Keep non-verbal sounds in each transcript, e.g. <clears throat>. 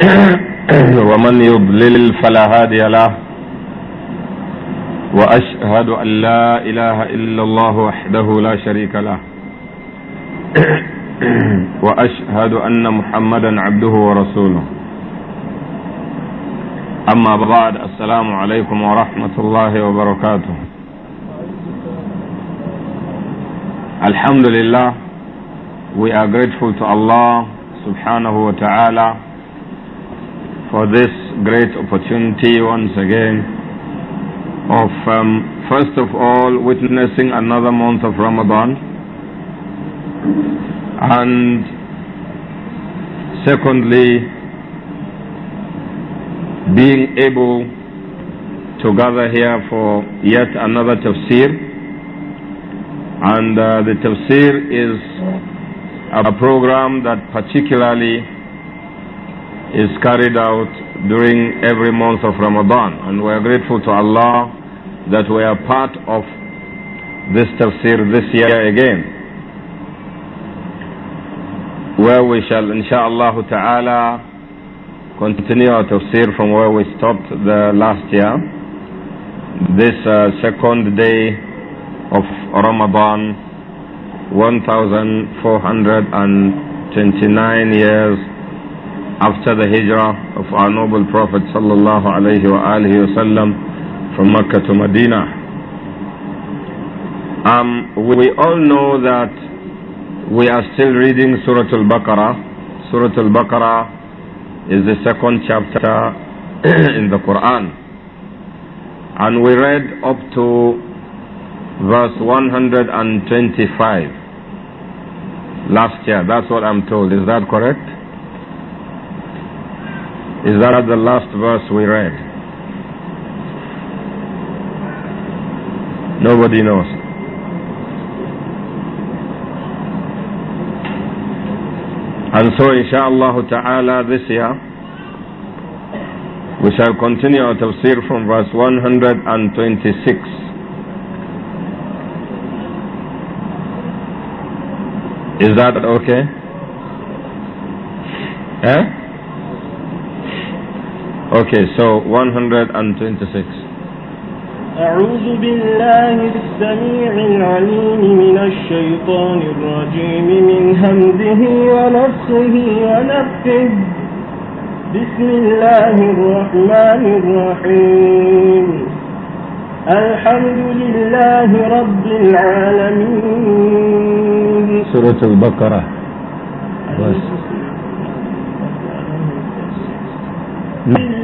<coughs> ومن يضلل فلا هادي له واشهد ان لا اله الا الله وحده لا شريك له <coughs> واشهد ان محمدا عبده ورسوله اما بعد السلام عليكم ورحمه الله وبركاته الحمد لله we are grateful to Allah subhanahu wa ta'ala for this great opportunity once again of um, first of all witnessing another month of Ramadan and secondly being able to gather here for yet another tafsir and uh, the tafsir is a program that particularly is carried out during every month of Ramadan. And we are grateful to Allah that we are part of this tafsir this year again. Where we shall, insha'Allah ta'ala, continue our tafsir from where we stopped the last year. This uh, second day of Ramadan, 1429 years after the hijrah of our noble Prophet sallallahu alaihi wasallam from Mecca to Medina. Um, we all know that we are still reading Surah Al-Baqarah. Surah Al-Baqarah is the second chapter <clears throat> in the Quran. And we read up to verse 125 last year. That's what I'm told. Is that correct? Is that the last verse we read? Nobody knows. And so insha'Allah ta'ala this year we shall continue our tafsir from verse 126. Is that okay? Eh? Okay, so 126. أعوذ بالله السميع العليم من الشيطان الرجيم من همزه ونفخه ونفخه بسم الله الرحمن الرحيم الحمد لله رب العالمين سورة البقرة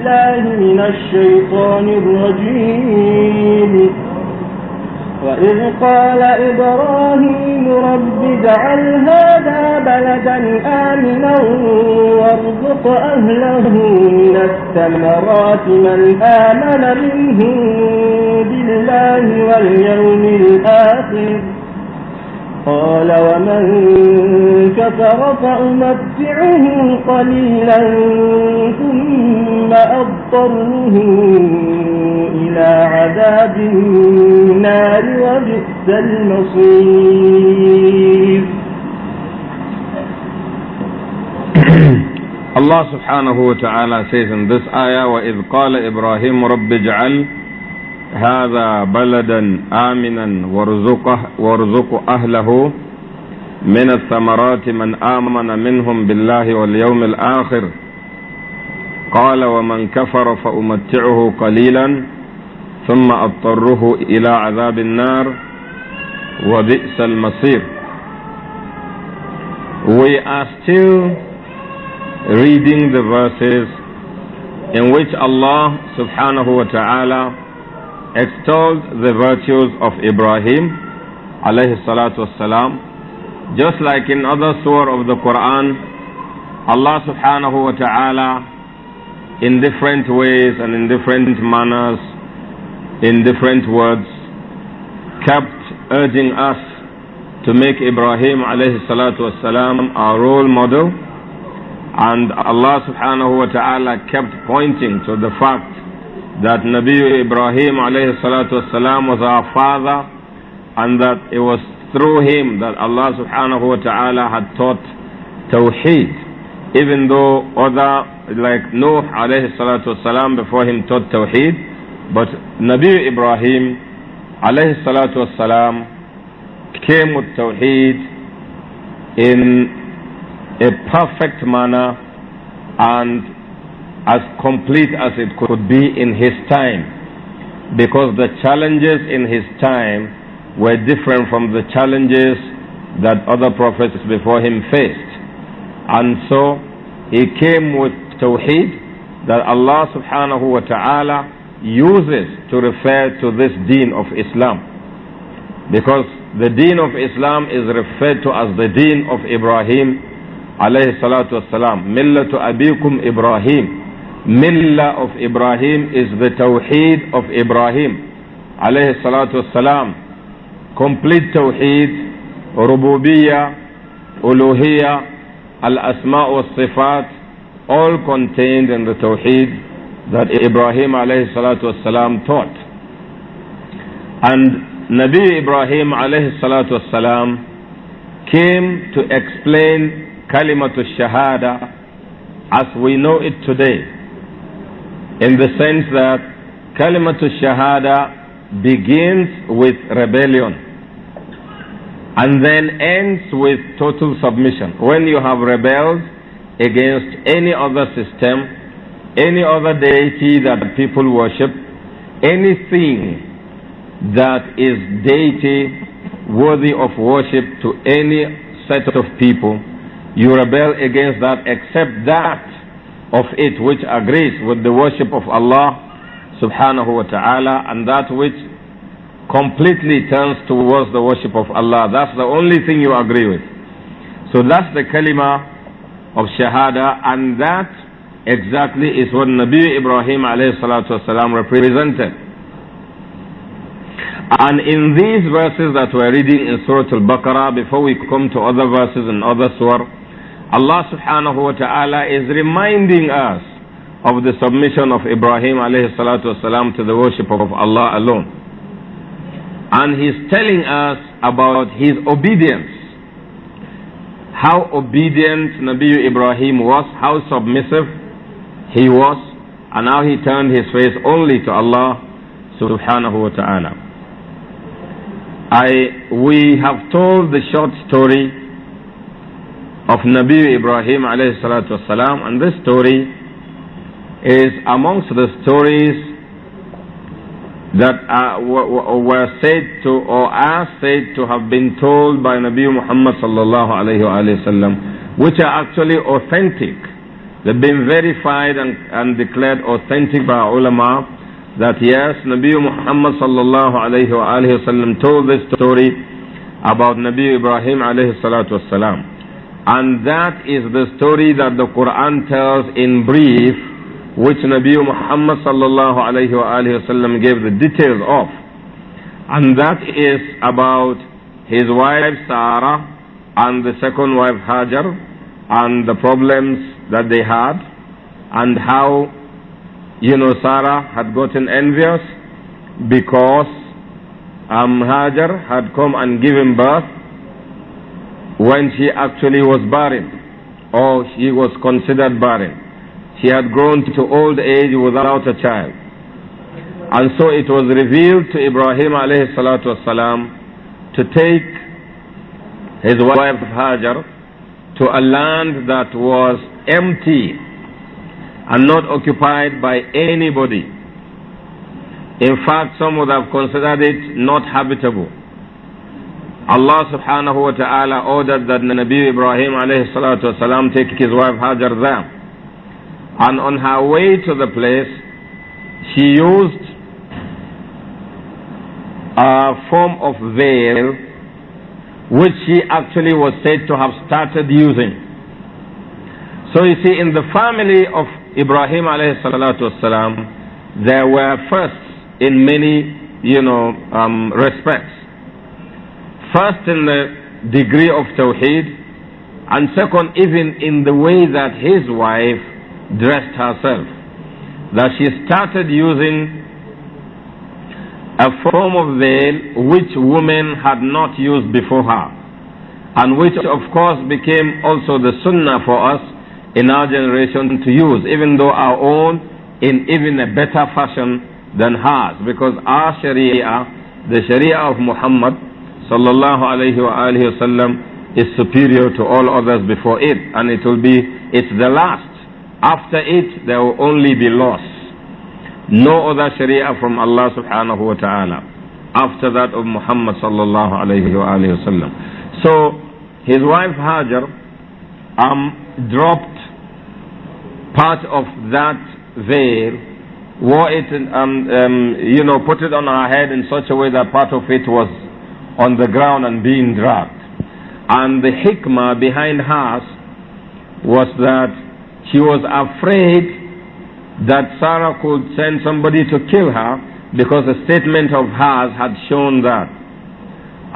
بالله من الشيطان الرجيم وإذ قال إبراهيم رب اجعل هذا بلدا آمنا وارزق أهله من الثمرات من آمن منهم بالله واليوم الآخر قال ومن كفر فأمتعه قليلا ثم فأضطره إلى عذاب النار وبئس المصير <coughs> الله سبحانه وتعالى says in this ayah, وَإِذْ قَالَ إِبْرَاهِيمُ رَبِّ اجْعَلْ هذا بلدا آمنا وارزقه وارزق أهله من الثمرات من آمن منهم بالله واليوم الآخر قال ومن كفر فأمتعه قليلا ثم أضطره إلى عذاب النار وبئس المصير We are still reading the verses in which Allah subhanahu wa ta'ala extolled the virtues of Ibrahim alayhi salatu wasalam. Just like in other surah of the Quran, Allah subhanahu wa ta'ala in different ways and in different manners, in different words, kept urging us to make Ibrahim alayhi salatu wasalam our role model. And Allah subhanahu wa ta'ala kept pointing to the fact that Nabi Ibrahim alayhi salatu wasalam was our father and that it was through him that Allah subhanahu wa ta'ala had taught Tawheed even though other, like Nuh alayhi salatu wasalam before him taught Tawheed, but Nabi Ibrahim alayhi salatu wasalam came with Tawheed in a perfect manner and as complete as it could be in his time because the challenges in his time were different from the challenges that other prophets before him faced. And so he came with Tawheed that Allah subhanahu wa ta'ala uses to refer to this deen of Islam. Because the deen of Islam is referred to as the deen of Ibrahim alayhi salatu wasalam. Millatu abikum Ibrahim. Millah of Ibrahim is the Tawheed of Ibrahim alayhi salatu wasalam. Complete Tawheed, Rububiyah, Uluhiyah, al-asma wa sifat, all contained in the Tawheed that Ibrahim alayhi salatu salam taught. And Nabi Ibrahim alayhi salatu salam came to explain kalimatu shahada as we know it today in the sense that kalimatu shahada begins with rebellion and then ends with total submission. When you have rebelled against any other system, any other deity that people worship, anything that is deity worthy of worship to any set of people, you rebel against that except that of it which agrees with the worship of Allah subhanahu wa ta'ala and that which completely turns towards the worship of Allah. That's the only thing you agree with. So that's the kalima of shahada and that exactly is what Nabi Ibrahim alayhi salatu represented. And in these verses that we're reading in Surah Al-Baqarah, before we come to other verses and other surah, Allah subhanahu wa ta'ala is reminding us of the submission of Ibrahim alayhi salatu to the worship of Allah alone and he's telling us about his obedience. How obedient Nabi Ibrahim was, how submissive he was, and how he turned his face only to Allah subhanahu wa ta'ala. I, we have told the short story of Nabi Ibrahim alayhi salatu wasalam, and this story is amongst the stories that uh, were said to or are said to have been told by Nabi Muhammad sallallahu alayhi wa which are actually authentic. They've been verified and, and declared authentic by ulama that yes, Nabi Muhammad sallallahu alayhi wa told this story about Nabi Ibrahim alayhi salatu wasalam. And that is the story that the Quran tells in brief which Nabi Muhammad sallallahu alayhi wa gave the details of. And that is about his wife Sarah and the second wife Hajar and the problems that they had and how, you know, Sarah had gotten envious because um, Hajar had come and given birth when she actually was barren or she was considered barren. She had grown to old age without a child. And so it was revealed to Ibrahim alayhi salatu wasalam to take his wife Hajar to a land that was empty and not occupied by anybody. In fact, some would have considered it not habitable. Allah subhanahu wa ta'ala ordered that Nabi Ibrahim alayhi salatu wasalam take his wife Hajar there. And on her way to the place, she used a form of veil which she actually was said to have started using. So you see, in the family of Ibrahim alayhi there were firsts in many, you know, um, respects. First in the degree of Tawheed, and second even in the way that his wife dressed herself, that she started using a form of veil which women had not used before her, and which of course became also the sunnah for us in our generation to use, even though our own in even a better fashion than hers, because our sharia, the sharia of Muhammad sallallahu alayhi wa is superior to all others before it, and it will be, it's the last after it, there will only be loss. No other sharia from Allah subhanahu wa ta'ala. After that of Muhammad sallallahu alayhi wa sallam. So, his wife Hajar um, dropped part of that veil wore it and um, um, you know put it on her head in such a way that part of it was on the ground and being dragged and the hikmah behind hers was that she was afraid that Sarah could send somebody to kill her because a statement of hers had shown that.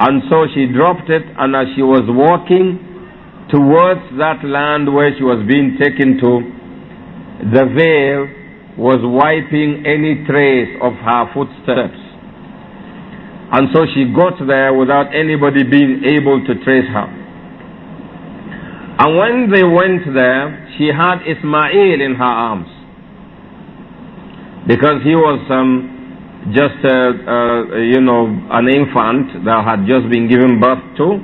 And so she dropped it, and as she was walking towards that land where she was being taken to, the veil was wiping any trace of her footsteps. And so she got there without anybody being able to trace her. And when they went there, she had Ismail in her arms. Because he was um, just, uh, uh, you know, an infant that had just been given birth to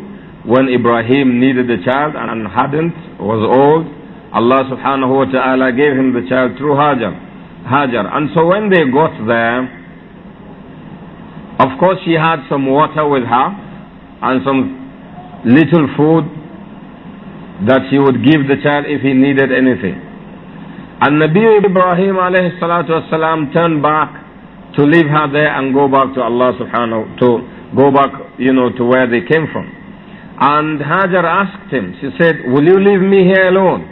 when Ibrahim needed a child and hadn't, was old. Allah subhanahu wa ta'ala gave him the child through Hajar. Hajar. And so when they got there, of course she had some water with her and some little food that she would give the child if he needed anything. And Nabi Ibrahim alayhi salatu wasalam turned back to leave her there and go back to Allah subhanahu to go back, you know, to where they came from. And Hajar asked him, she said, Will you leave me here alone?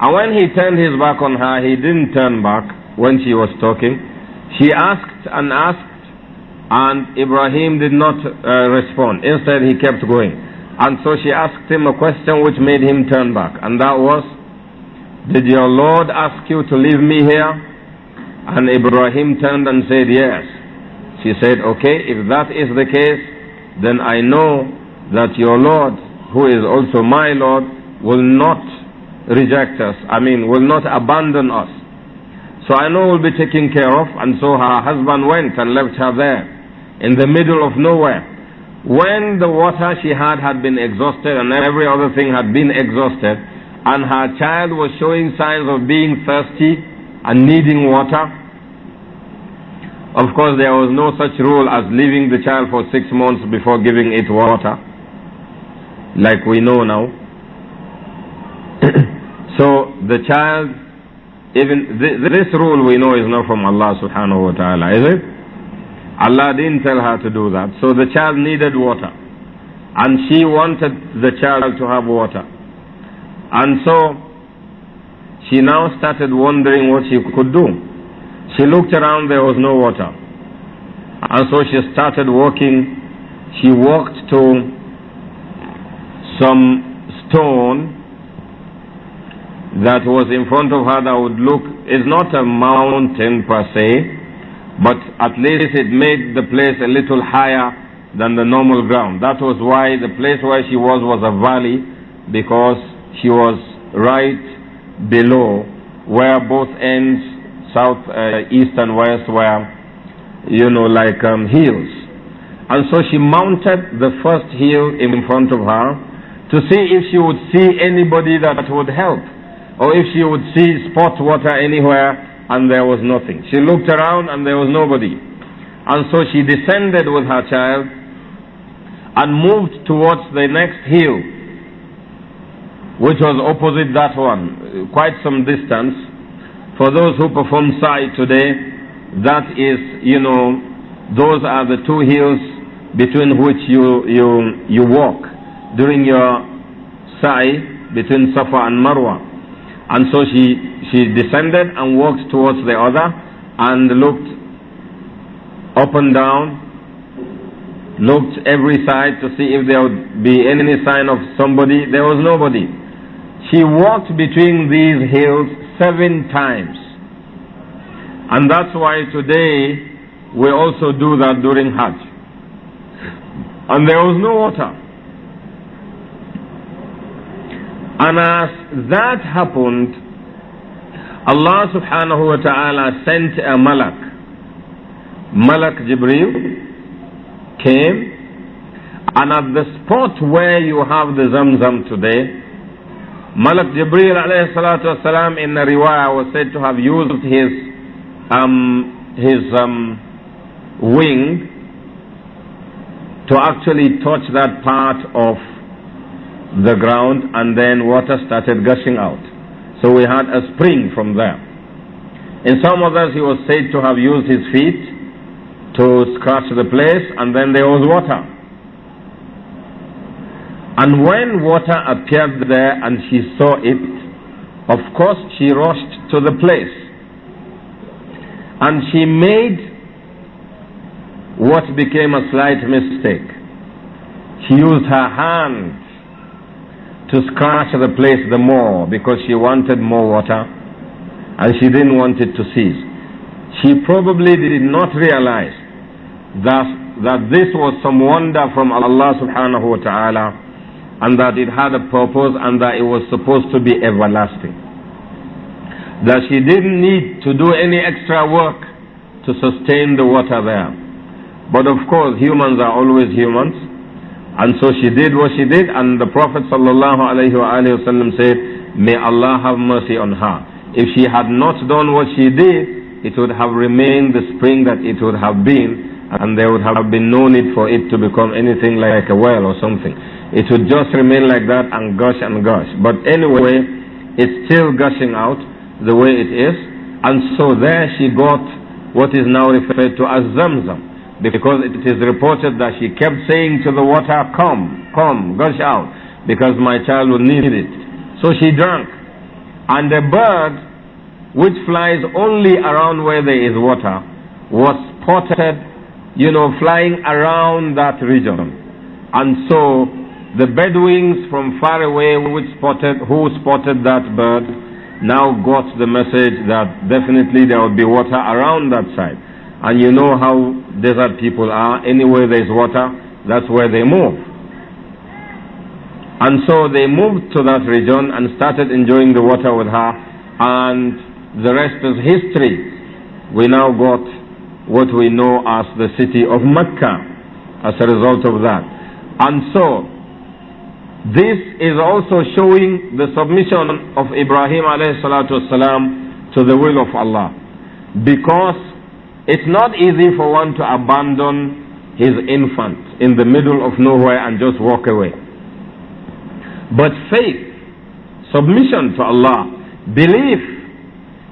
And when he turned his back on her, he didn't turn back when she was talking. She asked and asked, and Ibrahim did not uh, respond. Instead, he kept going. And so she asked him a question which made him turn back, and that was, Did your Lord ask you to leave me here? And Ibrahim turned and said, Yes. She said, Okay, if that is the case, then I know that your Lord, who is also my Lord, will not reject us, I mean, will not abandon us. So I know we'll be taken care of, and so her husband went and left her there in the middle of nowhere. When the water she had had been exhausted and every other thing had been exhausted, and her child was showing signs of being thirsty and needing water, of course, there was no such rule as leaving the child for six months before giving it water, like we know now. <coughs> so the child, even th this rule we know is not from Allah subhanahu wa ta'ala, is it? Allah didn't tell her to do that. So the child needed water. And she wanted the child to have water. And so she now started wondering what she could do. She looked around, there was no water. And so she started walking. She walked to some stone that was in front of her that would look, is not a mountain per se, but at least it made the place a little higher than the normal ground. That was why the place where she was was a valley because she was right below where both ends, south, uh, east and west, were, you know, like um, hills. And so she mounted the first hill in front of her to see if she would see anybody that would help or if she would see spot water anywhere and there was nothing. She looked around and there was nobody. And so she descended with her child and moved towards the next hill, which was opposite that one, quite some distance. For those who perform Sa'i today, that is, you know, those are the two hills between which you, you, you walk during your Sa'i between Safa and Marwa. And so she, she descended and walked towards the other and looked up and down, looked every side to see if there would be any sign of somebody. There was nobody. She walked between these hills seven times. And that's why today we also do that during Hajj. And there was no water. And as that happened, Allah subhanahu wa ta'ala sent a malak. Malak Jibril came, and at the spot where you have the Zamzam today, Malak Jibril alayhi salatu wasalam in the riwayah was said to have used his, um, his um, wing to actually touch that part of the ground and then water started gushing out. So we had a spring from there. In some others, he was said to have used his feet to scratch the place and then there was water. And when water appeared there and she saw it, of course she rushed to the place. And she made what became a slight mistake. She used her hand to scratch the place the more because she wanted more water and she didn't want it to cease. She probably did not realize that, that this was some wonder from Allah subhanahu wa ta'ala and that it had a purpose and that it was supposed to be everlasting. That she didn't need to do any extra work to sustain the water there. But of course, humans are always humans and so she did what she did, and the Prophet ﷺ said, May Allah have mercy on her. If she had not done what she did, it would have remained the spring that it would have been, and there would have been no need for it to become anything like a well or something. It would just remain like that and gush and gush. But anyway, it's still gushing out the way it is, and so there she got what is now referred to as Zamzam. Because it is reported that she kept saying to the water, Come, come, gush out, because my child will need it. So she drank. And the bird, which flies only around where there is water, was spotted, you know, flying around that region. And so the Bedouins from far away which spotted, who spotted that bird now got the message that definitely there would be water around that side. And you know how desert people are. Anywhere there's water, that's where they move. And so they moved to that region and started enjoying the water with her. And the rest is history. We now got what we know as the city of Mecca as a result of that. And so, this is also showing the submission of Ibrahim to the will of Allah. Because it's not easy for one to abandon his infant in the middle of nowhere and just walk away. But faith, submission to Allah, belief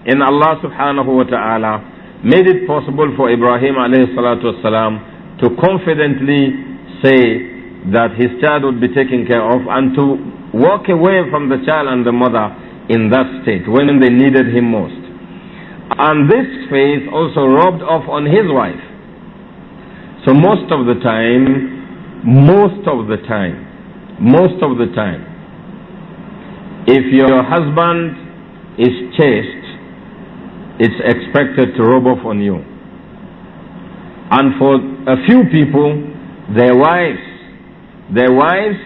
in Allah subhanahu wa ta'ala made it possible for Ibrahim alayhi salatu wasalam to confidently say, that his child would be taken care of and to walk away from the child and the mother in that state when they needed him most. And this faith also rubbed off on his wife. So most of the time, most of the time, most of the time, if your husband is chaste, it's expected to rub off on you. And for a few people, their wives, their wives'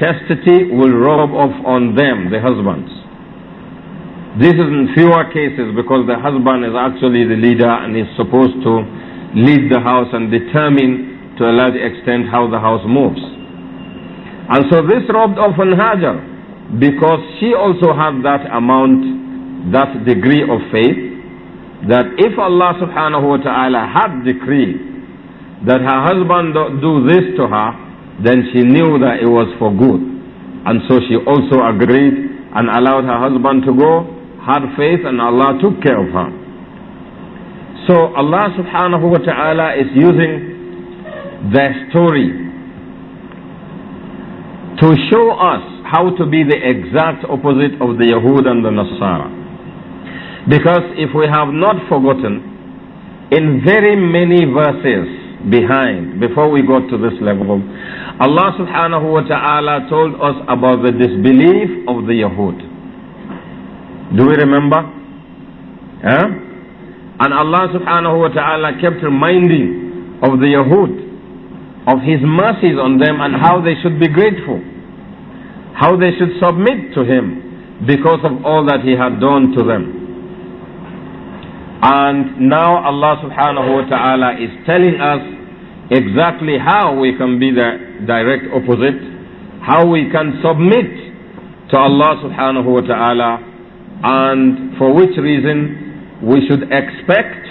chastity will rub off on them, the husbands. This is in fewer cases because the husband is actually the leader and is supposed to lead the house and determine to a large extent how the house moves. And so this robbed off on Hajar because she also had that amount, that degree of faith that if Allah subhanahu wa ta'ala had decreed that her husband do this to her, then she knew that it was for good. And so she also agreed and allowed her husband to go had faith and Allah took care of her. So Allah subhanahu wa ta'ala is using their story to show us how to be the exact opposite of the Yahud and the Nasara. Because if we have not forgotten, in very many verses, behind before we got to this level. Allah subhanahu wa ta'ala told us about the disbelief of the Yahud. Do we remember? Eh? And Allah subhanahu wa ta'ala kept reminding of the Yahud of His mercies on them and how they should be grateful, how they should submit to Him because of all that He had done to them. And now Allah subhanahu wa ta'ala is telling us exactly how we can be the direct opposite, how we can submit to Allah subhanahu wa ta'ala and for which reason we should expect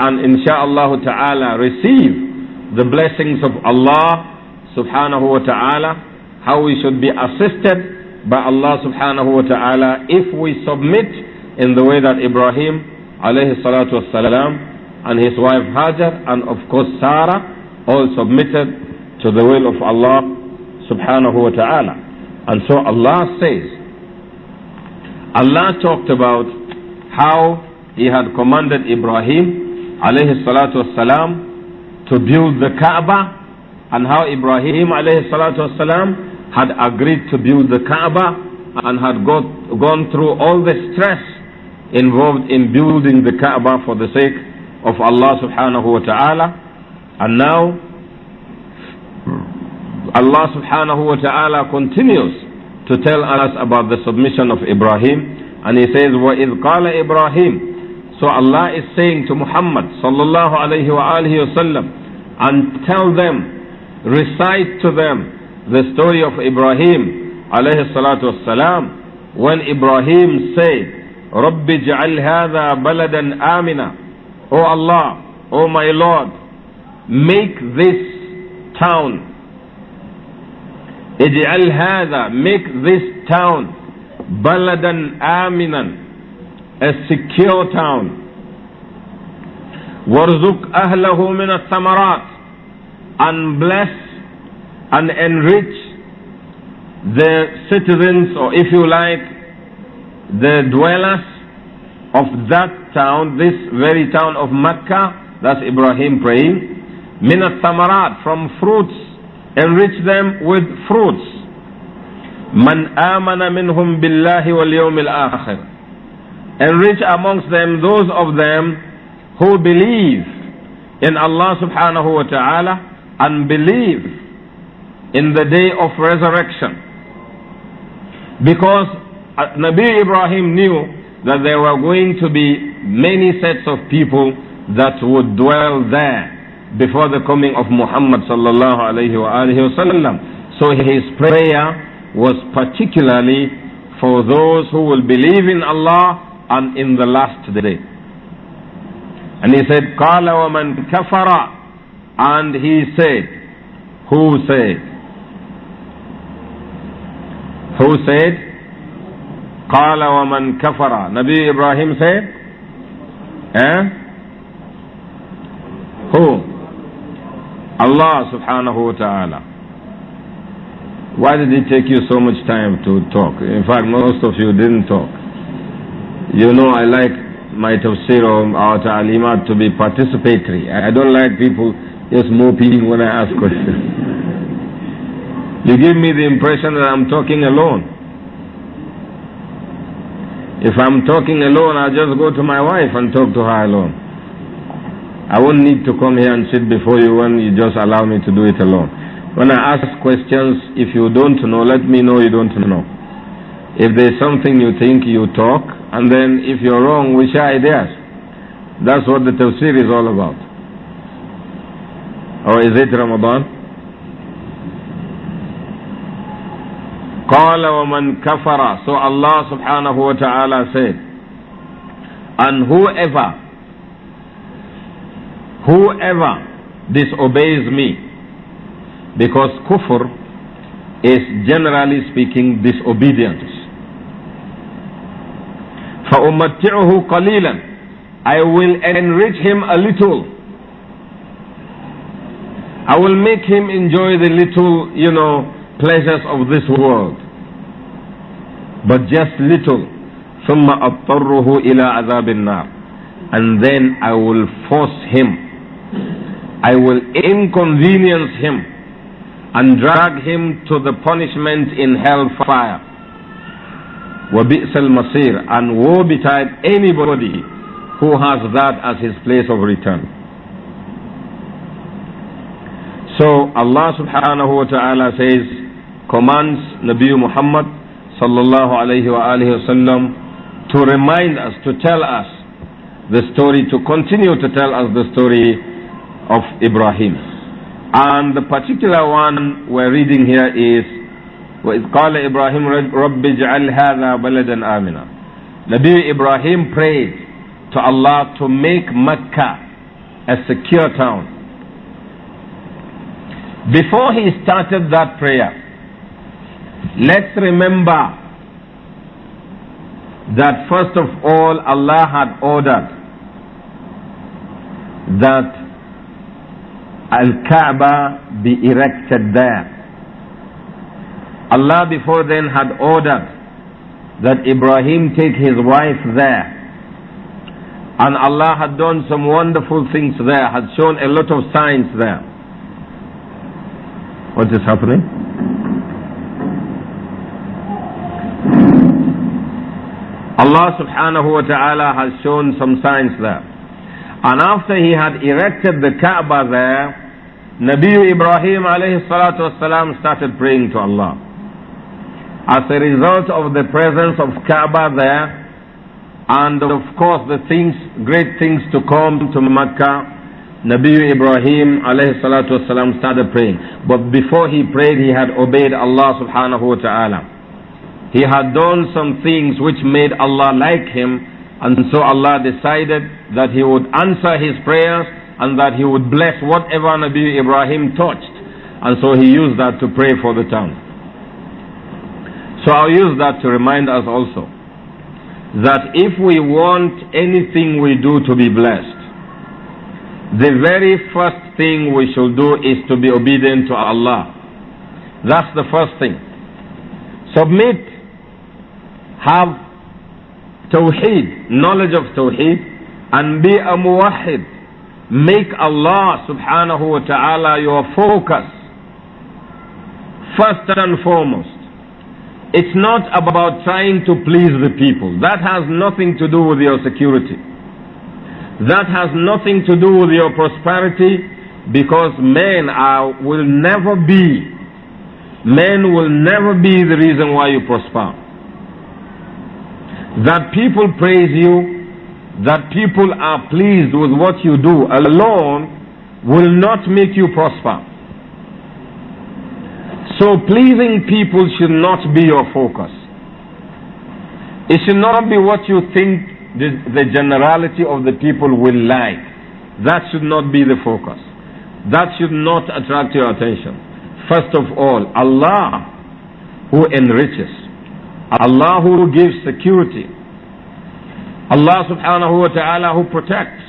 and insha'Allah ta'ala receive the blessings of Allah subhanahu wa ta'ala, how we should be assisted by Allah subhanahu wa ta'ala if we submit in the way that Ibrahim alayhi salatu wasalam and his wife Hajar and of course Sarah all submitted to the will of Allah subhanahu wa ta'ala. And so Allah says, Allah talked about how He had commanded Ibrahim alayhi salatu wasalam to build the Kaaba and how Ibrahim alayhi salatu wasalam had agreed to build the Kaaba and had got, gone through all the stress involved in building the Kaaba for the sake of Allah subhanahu wa ta'ala and now Allah subhanahu wa ta'ala continues to tell us about the submission of Ibrahim. And he says, وَإِذْ قَالَ Ibrahim. So Allah is saying to Muhammad sallallahu alayhi wa wasallam, and tell them, recite to them the story of Ibrahim alayhi salatu wasalam, when Ibrahim said, رَبِّ جَعَلْ هَذَا بَلَدًا آمِنًا O Allah, O my Lord, make this town اجعل هذا make this town بلدا آمنا a secure town وارزق أهله من الثمرات and bless and enrich the citizens or if you like the dwellers of that town this very town of Mecca that's Ibrahim praying من الثمرات from fruits enrich them with fruits. Man amana minhum billahi wal yawmil Enrich amongst them those of them who believe in Allah subhanahu wa ta'ala and believe in the day of resurrection. Because uh, Nabi Ibrahim knew that there were going to be many sets of people that would dwell there before the coming of Muhammad sallallahu alayhi wa So his prayer was particularly for those who will believe in Allah and in the last day. And he said, قَالَ وَمَنْ كَفَرَ And he said, who said? Who said? قَالَ وَمَنْ كَفَرَ Nabi Ibrahim said, eh? Who? Allah subhanahu wa ta'ala. Why did it take you so much time to talk? In fact, most of you didn't talk. You know, I like my tafsir or our ta'alimat to be participatory. I don't like people just moping when I ask questions. <laughs> you give me the impression that I'm talking alone. If I'm talking alone, I'll just go to my wife and talk to her alone. I won't need to come here and sit before you when you just allow me to do it alone. When I ask questions, if you don't know, let me know you don't know. If there's something you think, you talk, and then if you're wrong, we share ideas. That's what the tafsir is all about. Or is it Ramadan? قال ومن كفر so Allah subhanahu wa ta'ala said and whoever Whoever disobeys me, because kufr is generally speaking disobedience. فأمتعه قليلا I will enrich him a little. I will make him enjoy the little, you know, pleasures of this world. But just little. ثم أضطره إلى عذاب النار. And then I will force him I will inconvenience him and drag him to the punishment in hellfire. وَبِئْسَ الْمَصِيرِ And woe betide anybody who has that as his place of return. So Allah subhanahu wa ta'ala says, commands Nabi Muhammad sallallahu alayhi wa alayhi wasallam to remind us, to tell us the story, to continue to tell us the story of Ibrahim. And the particular one we're reading here is Ibrahim. إِبْرَاهِيمُ رَبِّ اجْعَلْ هَذَا بَلَدًا آمِنًا Nabi Ibrahim prayed to Allah to make Mecca a secure town. Before he started that prayer, let's remember that first of all Allah had ordered that Al-Kaaba be erected there. Allah before then had ordered that Ibrahim take his wife there. And Allah had done some wonderful things there, had shown a lot of signs there. What is happening? Allah subhanahu wa ta'ala has shown some signs there. And after he had erected the Kaaba there, Nabi Ibrahim alayhi salatu wasalam started praying to Allah. As a result of the presence of Kaaba there, and of course the things, great things to come to Mecca, Nabi Ibrahim alayhi salatu wasalam started praying. But before he prayed, he had obeyed Allah subhanahu wa ta'ala. He had done some things which made Allah like him, and so Allah decided that he would answer his prayers and that he would bless whatever Nabi Ibrahim touched. And so he used that to pray for the town. So I'll use that to remind us also that if we want anything we do to be blessed, the very first thing we should do is to be obedient to Allah. That's the first thing. Submit, have tawheed, knowledge of tawheed, and be a muwahid Make Allah subhanahu wa ta'ala your focus. First and foremost. It's not about trying to please the people. That has nothing to do with your security. That has nothing to do with your prosperity because men are, will never be, men will never be the reason why you prosper. That people praise you that people are pleased with what you do alone will not make you prosper. So pleasing people should not be your focus. It should not be what you think the, the generality of the people will like. That should not be the focus. That should not attract your attention. First of all, Allah who enriches, Allah who gives security. Allah subhanahu wa ta'ala who protects.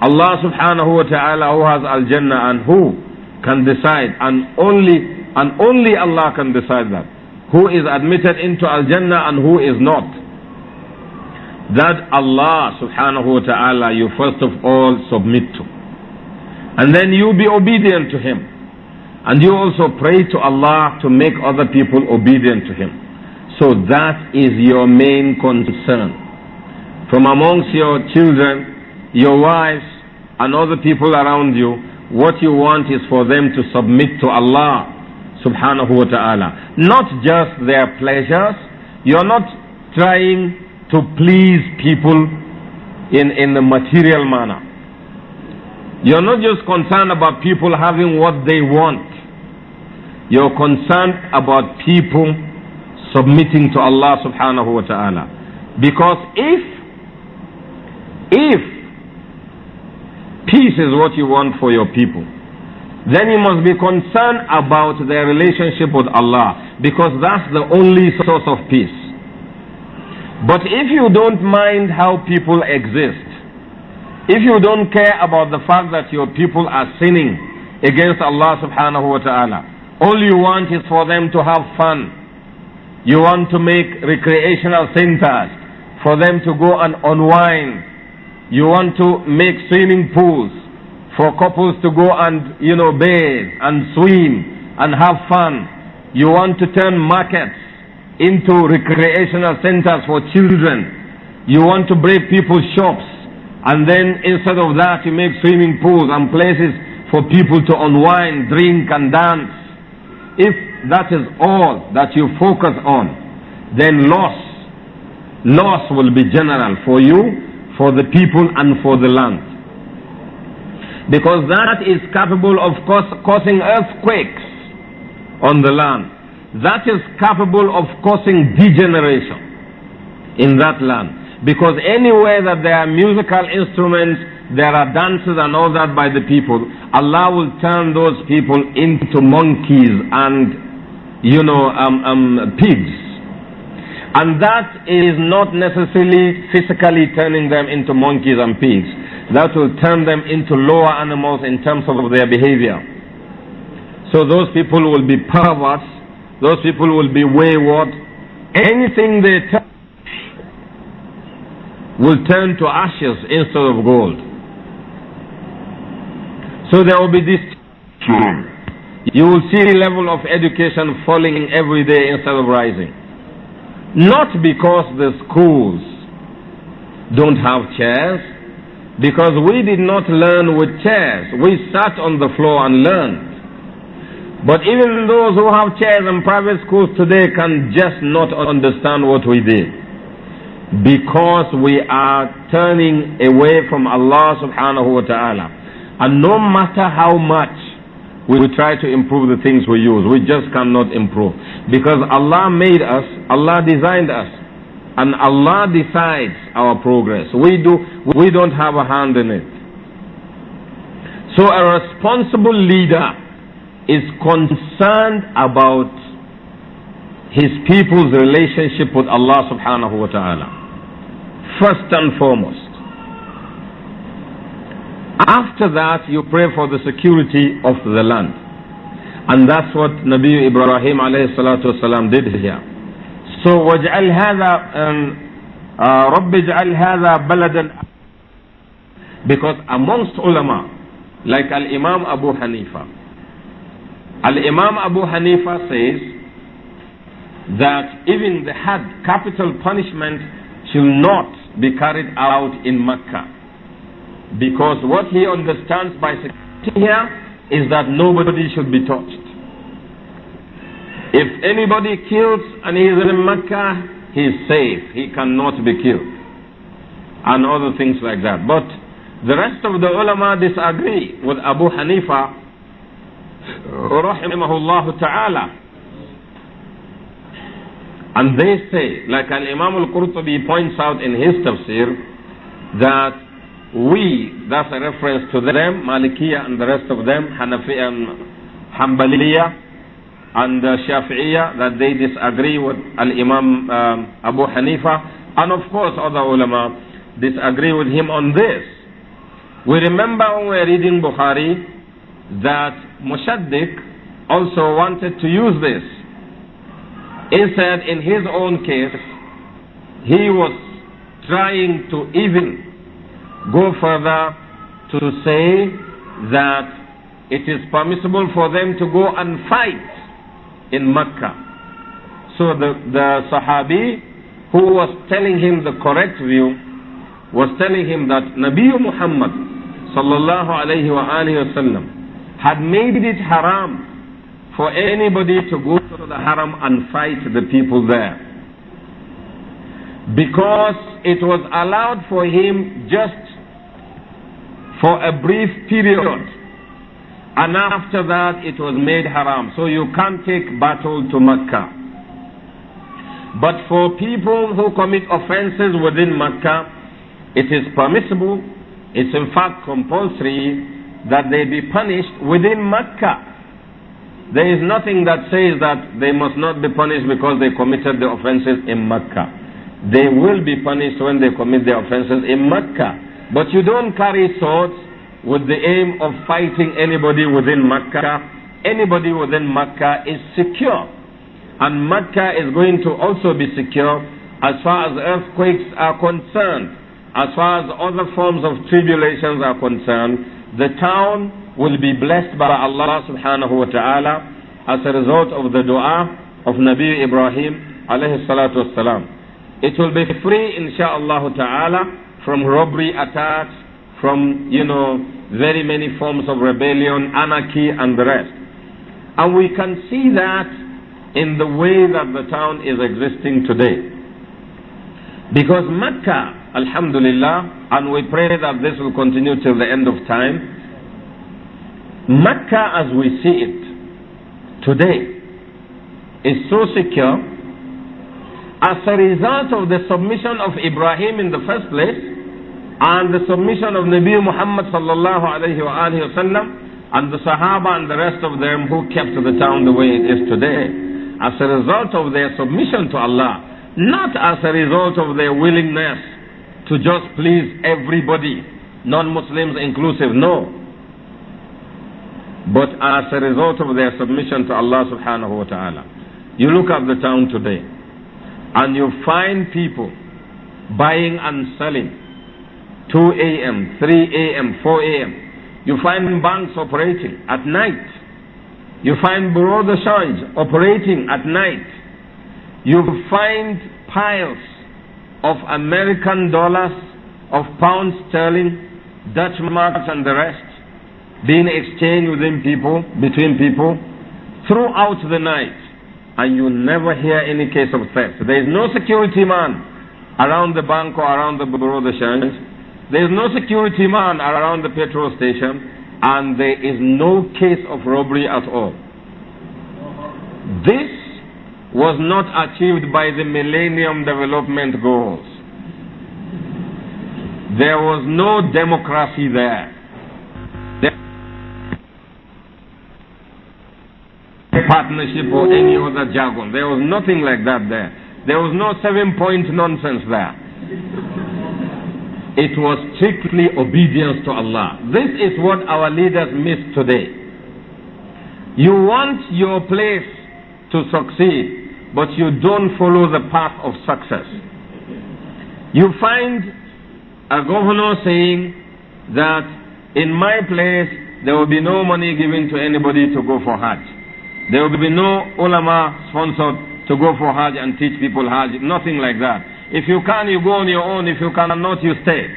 Allah subhanahu wa ta'ala who has Al Jannah and who can decide and only and only Allah can decide that. Who is admitted into Al Jannah and who is not. That Allah subhanahu wa ta'ala you first of all submit to. And then you be obedient to Him. And you also pray to Allah to make other people obedient to Him. So that is your main concern from amongst your children, your wives, and other people around you, what you want is for them to submit to Allah subhanahu wa ta'ala. Not just their pleasures. You're not trying to please people in, in a material manner. You're not just concerned about people having what they want. You're concerned about people submitting to Allah subhanahu wa ta'ala. Because if if peace is what you want for your people, then you must be concerned about their relationship with Allah because that's the only source of peace. But if you don't mind how people exist, if you don't care about the fact that your people are sinning against Allah subhanahu wa ta'ala, all you want is for them to have fun. You want to make recreational centers for them to go and unwind you want to make swimming pools for couples to go and, you know, bathe and swim and have fun. You want to turn markets into recreational centers for children. You want to break people's shops. And then instead of that, you make swimming pools and places for people to unwind, drink and dance. If that is all that you focus on, then loss, loss will be general for you for the people and for the land. Because that is capable of causing earthquakes on the land. That is capable of causing degeneration in that land. Because anywhere that there are musical instruments, there are dances and all that by the people, Allah will turn those people into monkeys and, you know, um, um, pigs and that is not necessarily physically turning them into monkeys and pigs. That will turn them into lower animals in terms of their behavior. So those people will be perverse, those people will be wayward. Anything they touch will turn to ashes instead of gold. So there will be this. You will see the level of education falling every day instead of rising. Not because the schools don't have chairs, because we did not learn with chairs. We sat on the floor and learned. But even those who have chairs in private schools today can just not understand what we did. Because we are turning away from Allah subhanahu wa ta'ala. And no matter how much we try to improve the things we use. We just cannot improve. Because Allah made us, Allah designed us. And Allah decides our progress. We, do, we don't have a hand in it. So a responsible leader is concerned about his people's relationship with Allah subhanahu wa ta'ala. First and foremost. After that, you pray for the security of the land. And that's what Nabi Ibrahim alayhi salatu did here. So, هَذَا um, uh, Because amongst ulama, like Al-Imam Abu Hanifa, Al-Imam Abu Hanifa says that even the had capital punishment shall not be carried out in Mecca. Because what he understands by security here is that nobody should be touched. If anybody kills and is in Mecca, he is safe. He cannot be killed. And other things like that. But the rest of the ulama disagree with Abu Hanifa, rahimahullah ta'ala. And they say, like an Imam al-Qurtubi points out in his tafsir, that we, that's a reference to them, Malikiya and the rest of them, Hanafiya and Hanbaliya and uh, that they disagree with Al-Imam um, Abu Hanifa, and of course other ulama disagree with him on this. We remember when we were reading Bukhari that Mushaddiq also wanted to use this. He said in his own case, he was trying to even go further to say that it is permissible for them to go and fight in Mecca. So the, the Sahabi who was telling him the correct view was telling him that Nabi Muhammad sallallahu alayhi wa had made it haram for anybody to go to the haram and fight the people there. Because it was allowed for him just for a brief period. And after that, it was made haram. So you can't take battle to Mecca. But for people who commit offenses within Mecca, it is permissible, it's in fact compulsory, that they be punished within Mecca. There is nothing that says that they must not be punished because they committed the offenses in Mecca. They will be punished when they commit the offenses in Mecca. But you don't carry swords with the aim of fighting anybody within Makkah. Anybody within Makkah is secure. And Makkah is going to also be secure as far as earthquakes are concerned, as far as other forms of tribulations are concerned. The town will be blessed by Allah subhanahu wa ta'ala as a result of the dua of Nabi Ibrahim alayhi salatu wasalam. It will be free insha'Allah ta'ala from robbery attacks, from, you know, very many forms of rebellion, anarchy, and the rest. And we can see that in the way that the town is existing today. Because Mecca, Alhamdulillah, and we pray that this will continue till the end of time, Mecca as we see it today is so secure as a result of the submission of Ibrahim in the first place and the submission of Nabi Muhammad sallallahu alayhi wa and the Sahaba and the rest of them who kept the town the way it is today as a result of their submission to Allah, not as a result of their willingness to just please everybody, non-Muslims inclusive, no. But as a result of their submission to Allah subhanahu wa ta'ala. You look at the town today and you find people buying and selling 2 a.m., 3 a.m., 4 a.m. You find banks operating at night. You find bureau operating at night. You find piles of American dollars, of pounds sterling, Dutch marks and the rest being exchanged within people, between people throughout the night. And you never hear any case of theft. There is no security man around the bank or around the bureau there is no security man around the petrol station and there is no case of robbery at all. This was not achieved by the Millennium Development Goals. There was no democracy there. there partnership or any other jargon. There was nothing like that there. There was no seven point nonsense there. It was strictly obedience to Allah. This is what our leaders miss today. You want your place to succeed, but you don't follow the path of success. You find a governor saying that in my place there will be no money given to anybody to go for Hajj. There will be no ulama sponsored to go for Hajj and teach people Hajj. Nothing like that. If you can, you go on your own. If you cannot, you stay.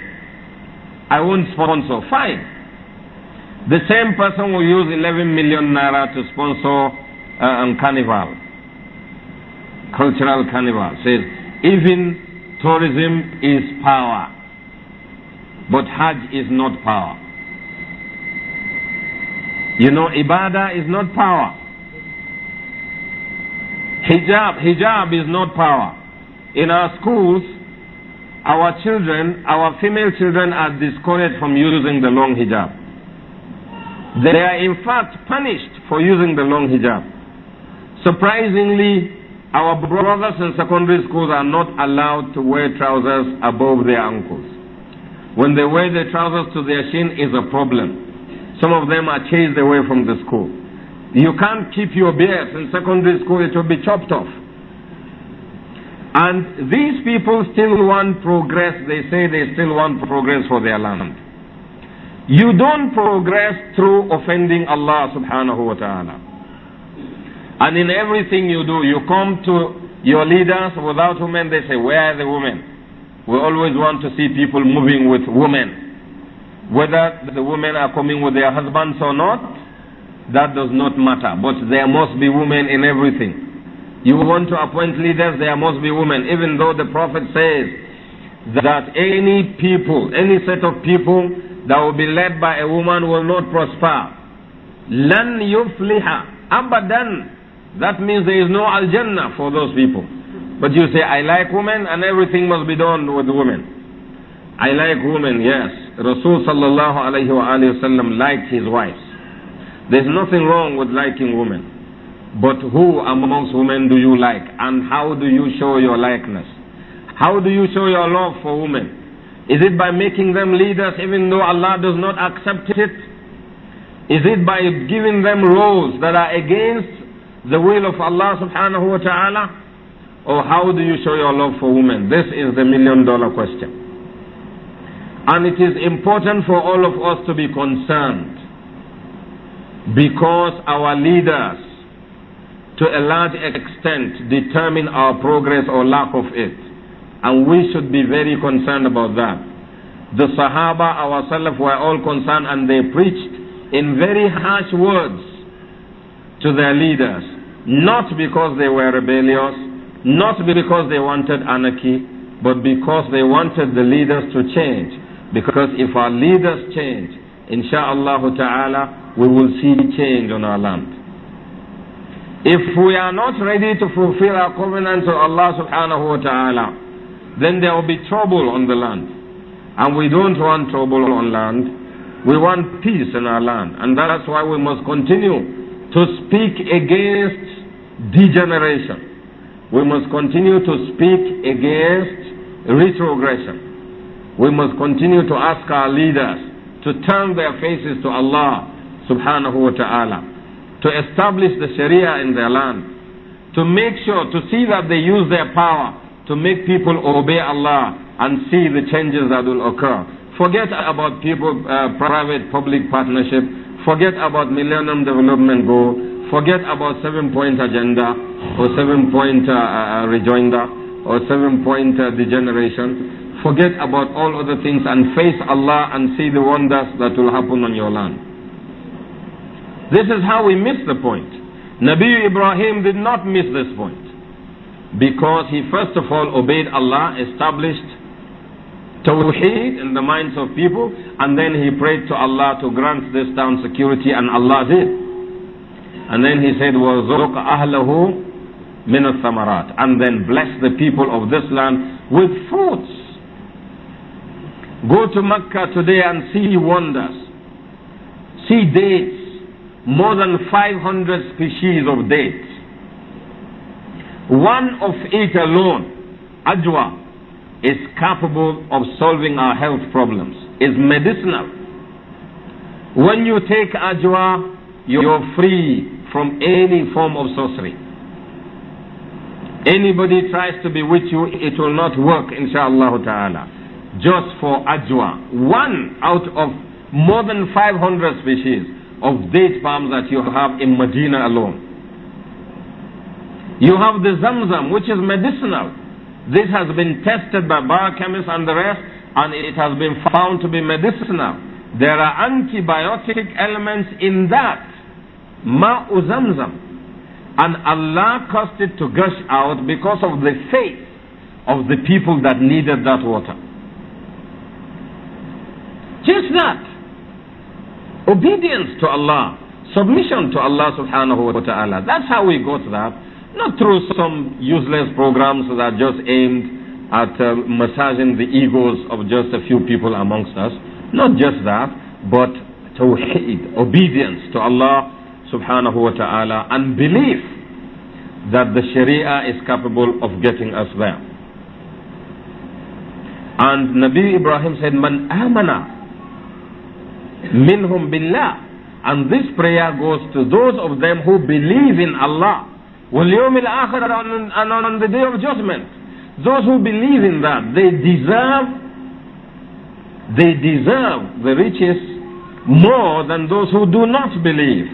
I won't sponsor. Fine. The same person will use 11 million naira to sponsor uh, a carnival, cultural carnival. Says even tourism is power, but Hajj is not power. You know, ibadah is not power. Hijab, hijab is not power. In our schools, our children, our female children are discouraged from using the long hijab. They are in fact punished for using the long hijab. Surprisingly, our brothers in secondary schools are not allowed to wear trousers above their ankles. When they wear their trousers to their shin is a problem. Some of them are chased away from the school. You can't keep your beard in secondary school, it will be chopped off. And these people still want progress. They say they still want progress for their land. You don't progress through offending Allah subhanahu wa ta'ala. And in everything you do, you come to your leaders without women, they say, where are the women? We always want to see people moving with women. Whether the women are coming with their husbands or not, that does not matter. But there must be women in everything. You want to appoint leaders, there must be women, even though the Prophet says that any people, any set of people that will be led by a woman will not prosper. Lan yufliha abadan. That means there is no al-jannah for those people. But you say, I like women and everything must be done with women. I like women, yes. Rasul sallallahu alayhi wa liked his wives. There's nothing wrong with liking women. But who amongst women do you like? And how do you show your likeness? How do you show your love for women? Is it by making them leaders even though Allah does not accept it? Is it by giving them roles that are against the will of Allah subhanahu wa ta'ala? Or how do you show your love for women? This is the million dollar question. And it is important for all of us to be concerned because our leaders to a large extent determine our progress or lack of it. And we should be very concerned about that. The Sahaba, our Salaf, were all concerned and they preached in very harsh words to their leaders. Not because they were rebellious, not because they wanted anarchy, but because they wanted the leaders to change. Because if our leaders change, insha'Allah ta'ala, we will see change on our land. If we are not ready to fulfill our covenant to Allah subhanahu wa ta'ala, then there will be trouble on the land. And we don't want trouble on land. We want peace in our land. And that's why we must continue to speak against degeneration. We must continue to speak against retrogression. We must continue to ask our leaders to turn their faces to Allah subhanahu wa ta'ala to establish the Sharia in their land, to make sure, to see that they use their power to make people obey Allah and see the changes that will occur. Forget about people, uh, private public partnership, forget about Millennium Development Goal, forget about seven point agenda or seven point uh, uh, uh rejoinder or seven point uh, degeneration forget about all other things and face Allah and see the wonders that will happen on your land. This is how we miss the point. Nabi Ibrahim did not miss this point because he first of all obeyed Allah, established Tawheed in the minds of people, and then he prayed to Allah to grant this town security, and Allah did. And then he said, وَزُرُقْ أَهْلَهُ مِنَ الثَّمَرَاتِ And then bless the people of this land with fruits. Go to Mecca today and see wonders. See dates more than 500 species of dates. One of it alone, ajwa, is capable of solving our health problems, is medicinal. When you take ajwa, you're free from any form of sorcery. Anybody tries to bewitch you, it will not work, inshallah ta'ala. Just for ajwa. One out of more than 500 species of date palms that you have in Medina alone. You have the Zamzam, which is medicinal. This has been tested by biochemists and the rest, and it has been found to be medicinal. There are antibiotic elements in that. Ma'u Zamzam. And Allah caused it to gush out because of the faith of the people that needed that water. Just that. Obedience to Allah, submission to Allah subhanahu wa ta'ala. That's how we got that. Not through some useless programs that are just aimed at uh, massaging the egos of just a few people amongst us. Not just that, but tawheed, obedience to Allah subhanahu wa ta'ala and belief that the sharia is capable of getting us there. And Nabi Ibrahim said, Man amana minhum billah. And this prayer goes to those of them who believe in Allah. and on the day of judgment. Those who believe in that, they deserve, they deserve the riches more than those who do not believe.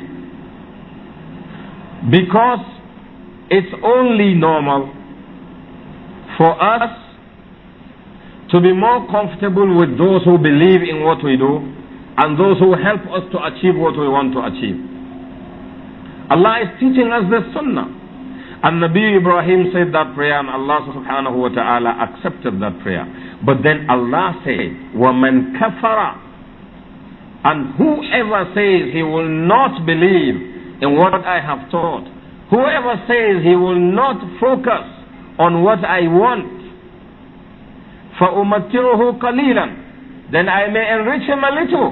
Because it's only normal for us to be more comfortable with those who believe in what we do and those who help us to achieve what we want to achieve. Allah is teaching us the sunnah. And Nabi Ibrahim said that prayer and Allah subhanahu wa ta'ala accepted that prayer. But then Allah said, وَمَنْ كَفَرَ and whoever says he will not believe in what I have taught, whoever says he will not focus on what I want, فَأُمَتِّرُهُ قَلِيلًا then I may enrich him a little.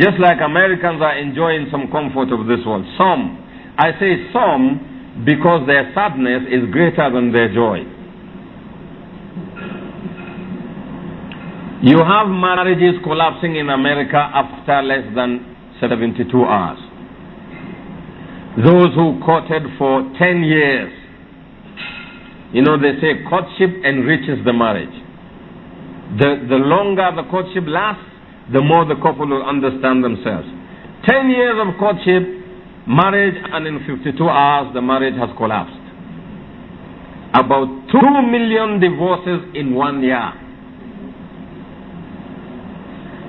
Just like Americans are enjoying some comfort of this world. Some. I say some because their sadness is greater than their joy. You have marriages collapsing in America after less than 72 hours. Those who courted for 10 years. You know, they say courtship enriches the marriage. The, the longer the courtship lasts, the more the couple will understand themselves. Ten years of courtship, marriage, and in 52 hours, the marriage has collapsed. About 2 million divorces in one year.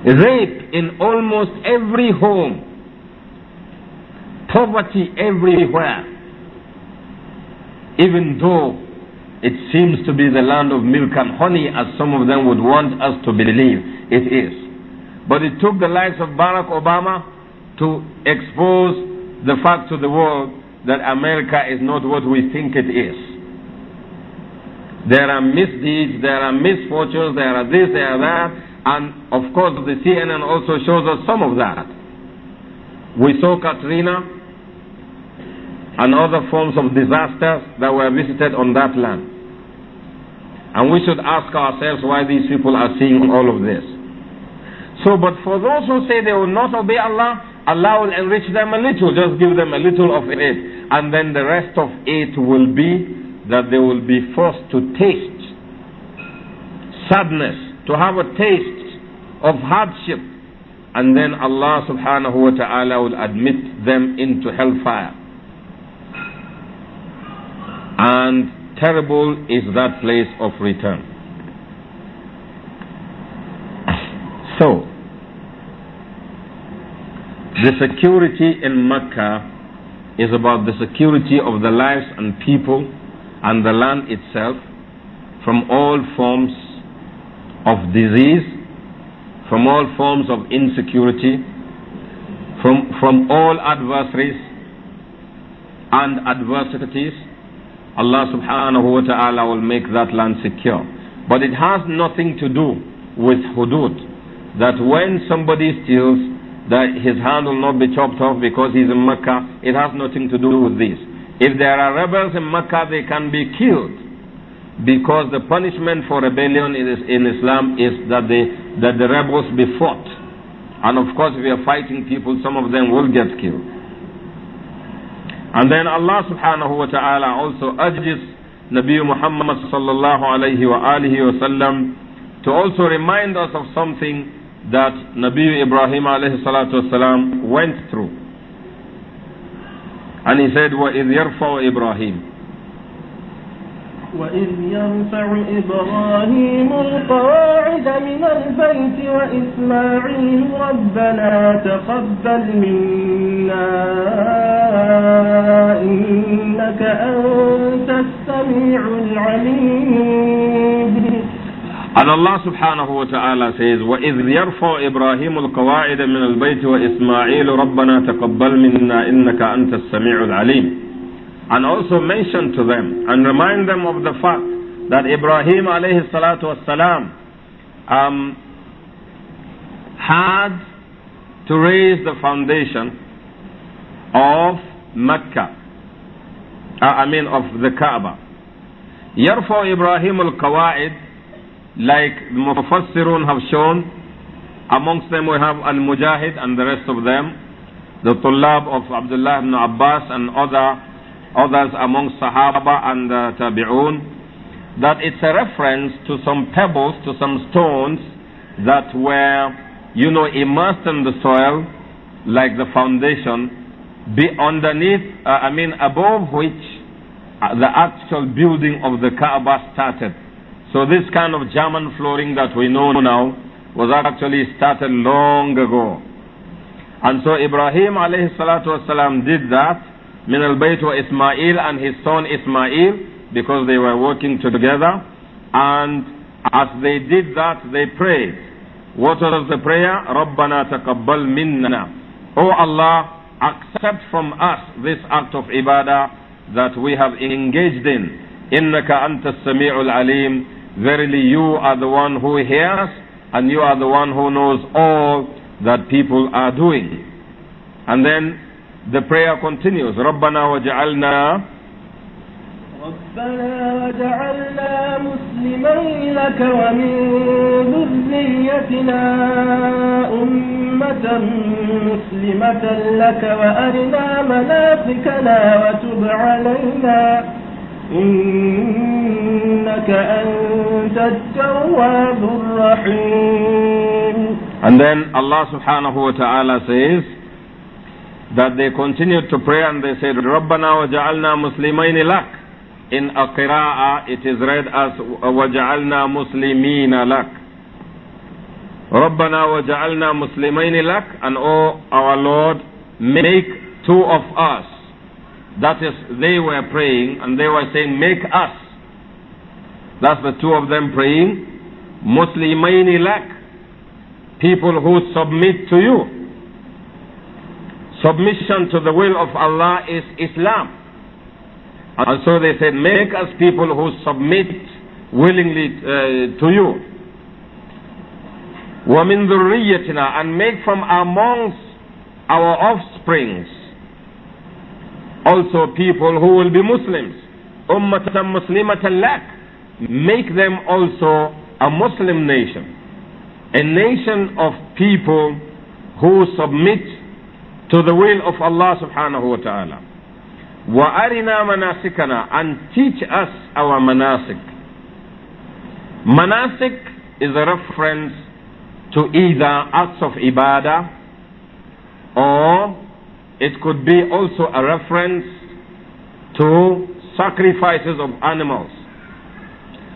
Rape in almost every home. Poverty everywhere. Even though it seems to be the land of milk and honey, as some of them would want us to believe it is. But it took the likes of Barack Obama to expose the fact to the world that America is not what we think it is. There are misdeeds, there are misfortunes, there are this, there are that, and of course the CNN also shows us some of that. We saw Katrina and other forms of disasters that were visited on that land. And we should ask ourselves why these people are seeing all of this. So, but for those who say they will not obey Allah, Allah will enrich them a little, just give them a little of it. And then the rest of it will be that they will be forced to taste sadness, to have a taste of hardship. And then Allah subhanahu wa ta'ala will admit them into hellfire. And terrible is that place of return. So, the security in Mecca is about the security of the lives and people and the land itself from all forms of disease, from all forms of insecurity, from, from all adversaries and adversities Allah subhanahu wa ta'ala will make that land secure. But it has nothing to do with hudud. That when somebody steals, that his hand will not be chopped off because he's in Mecca. It has nothing to do with this. If there are rebels in Mecca, they can be killed. Because the punishment for rebellion in Islam is that, they, that the rebels be fought. And of course, if you are fighting people, some of them will get killed. And then Allah subhanahu wa ta'ala also urges Nabi Muhammad sallallahu alayhi wa alihi wasallam to also remind us of something that Nabi Ibrahim alayhi salatu wasalam went through. And he said, وَإِذْ يَرْفَعُ إِبْرَاهِيمُ وإذ ينفع إبراهيم القواعد من البيت وإسماعيل ربنا تقبل منا إنك أنت السميع العليم على الله سبحانه وتعالى سيد وَإِذْ يَرْفَعُ إِبْرَاهِيمُ الْقَوَاعِدَ مِنَ الْبَيْتِ وَإِسْمَاعِيلُ رَبَّنَا تَقَبَّلْ مِنَّا إِنَّكَ أَنْتَ السَّمِيعُ الْعَلِيمُ and also mention to them and remind them of the fact that Ibrahim alayhi salatu wasalam um, had to raise the foundation of Mecca, uh, I mean of the Kaaba. Therefore, Ibrahim al القواعد like the Mufassirun have shown amongst them we have Al-Mujahid and the rest of them the Tullab of Abdullah ibn Abbas and other others among Sahaba and uh, Tabi'un, that it's a reference to some pebbles, to some stones that were, you know, immersed in the soil, like the foundation, be underneath, uh, I mean, above which uh, the actual building of the Kaaba started. So this kind of German flooring that we know now was actually started long ago. And so Ibrahim alayhi salatu wasalam did that min al-bayt wa Ismail and his son Ismail because they were working together. And as they did that, they prayed. What was the prayer? رَبَّنَا تَقَبَّلْ مِنَّا O Allah, accept from us this act of ibadah that we have engaged in. إِنَّكَ أَنْتَ السَّمِيعُ الْعَلِيمُ Verily you are the one who hears and you are the one who knows all that people are doing. And then the prayer continues. رَبَّنَا وَجَعَلْنَا ربنا وجعلنا مسلمين لك ومن ذريتنا أمة مسلمة لك وأرنا منافقنا وتب علينا إنك أنت التواب الرحيم And then Allah subhanahu wa ta'ala says that they continued to pray and they said, "Rabbana وَجَعَلْنَا مُسْلِمَيْنِ lak." In a qira'ah, it is read as وَجَعَلْنَا مُسْلِمِينَ lak." Rabbana وَجَعَلْنَا مُسْلِمَيْنِ lak, And, O oh, our Lord, make two of us. That is, they were praying and they were saying, make us. That's the two of them praying. مُسْلِمَيْنِ lak, People who submit to you submission to the will of Allah is Islam. And so they said, make us people who submit willingly uh, to you. وَمِن ذُرِّيَّتِنَا And make from amongst our offsprings also people who will be Muslims. أُمَّةً مُسْلِمَةً لَكَ Make them also a Muslim nation. A nation of people who submit to the will of Allah subhanahu wa ta'ala. وَأَرِنَا مَنَاسِكَنَا And teach us our manasik. Manasik is a reference to either acts of ibadah or it could be also a reference to sacrifices of animals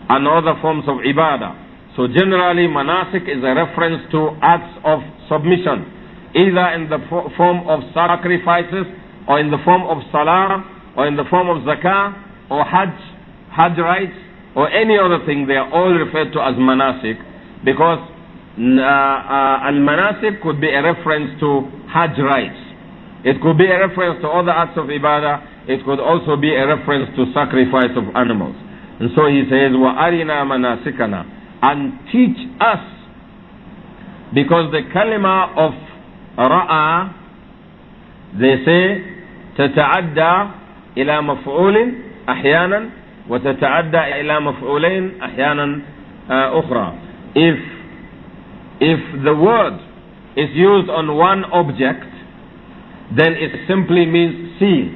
and other forms of ibadah. So generally, manasik is a reference to acts of submission either in the form of sacrifices or in the form of salah or in the form of zakah or hajj, hajj rites or any other thing, they are all referred to as manasik because uh, uh, al-manasik could be a reference to hajj rites. It could be a reference to other acts of ibadah. It could also be a reference to sacrifice of animals. And so he says, وَأَرِنَا مَنَاسِكَنَا And teach us because the kalima of ra'a they say تتعدى إلى مفعول أحيانا وتتعدى إلى مفعولين أحيانا أخرى if if the word is used on one object then it simply means see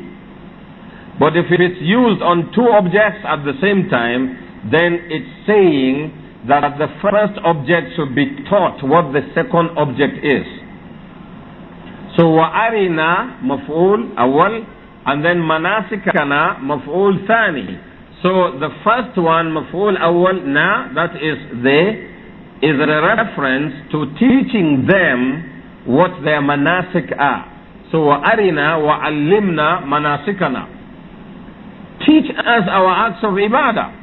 but if it's used on two objects at the same time then it's saying that the first object should be taught what the second object is so arina مَفْعُولٌ awal and then manasikana مَفْعُولٌ ثاني. So the first one مفعول awal na that is they is a reference to teaching them what their manasik are. So wa alimna manasikana. Teach us our acts of ibadah.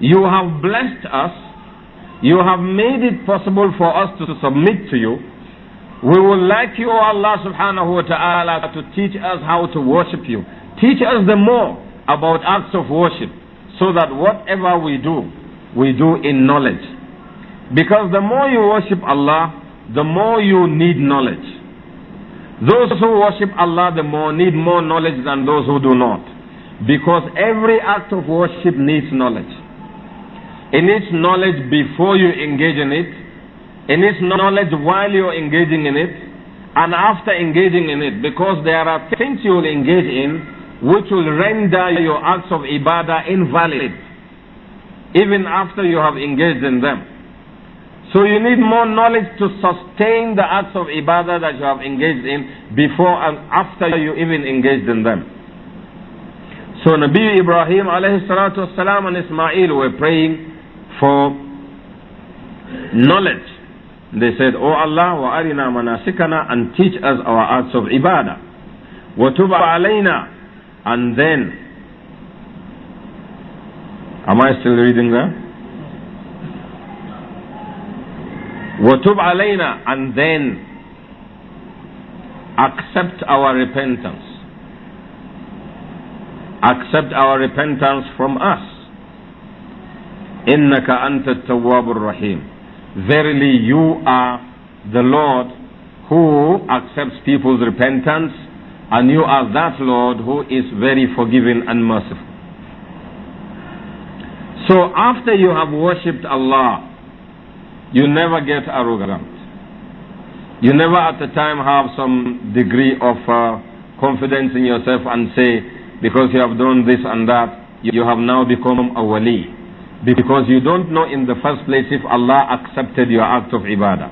You have blessed us. You have made it possible for us to submit to you. We would like you, Allah subhanahu wa ta'ala, to teach us how to worship you. Teach us the more about acts of worship so that whatever we do, we do in knowledge. Because the more you worship Allah, the more you need knowledge. Those who worship Allah, the more need more knowledge than those who do not. Because every act of worship needs knowledge. It needs knowledge before you engage in it, in its knowledge while you're engaging in it and after engaging in it because there are things you will engage in which will render your acts of ibadah invalid even after you have engaged in them. So you need more knowledge to sustain the acts of ibadah that you have engaged in before and after you even engaged in them. So Nabi Ibrahim alayhi salatu wasalam and Ismail were praying for knowledge they said, O oh Allah, wa arina manasikana and teach us our arts of ibadah. Wa tuba alayna and then, am I still reading there? وَتُبْ alayna And then accept our repentance. Accept our repentance from us. إِنَّكَ أَنْتَ التَّوَّابُ rahim." Verily you are the Lord who accepts people's repentance and you are that Lord who is very forgiving and merciful. So after you have worshipped Allah, you never get arrogant. You never at the time have some degree of uh, confidence in yourself and say, because you have done this and that, you have now become a wali. Because you don't know in the first place if Allah accepted your act of ibadah.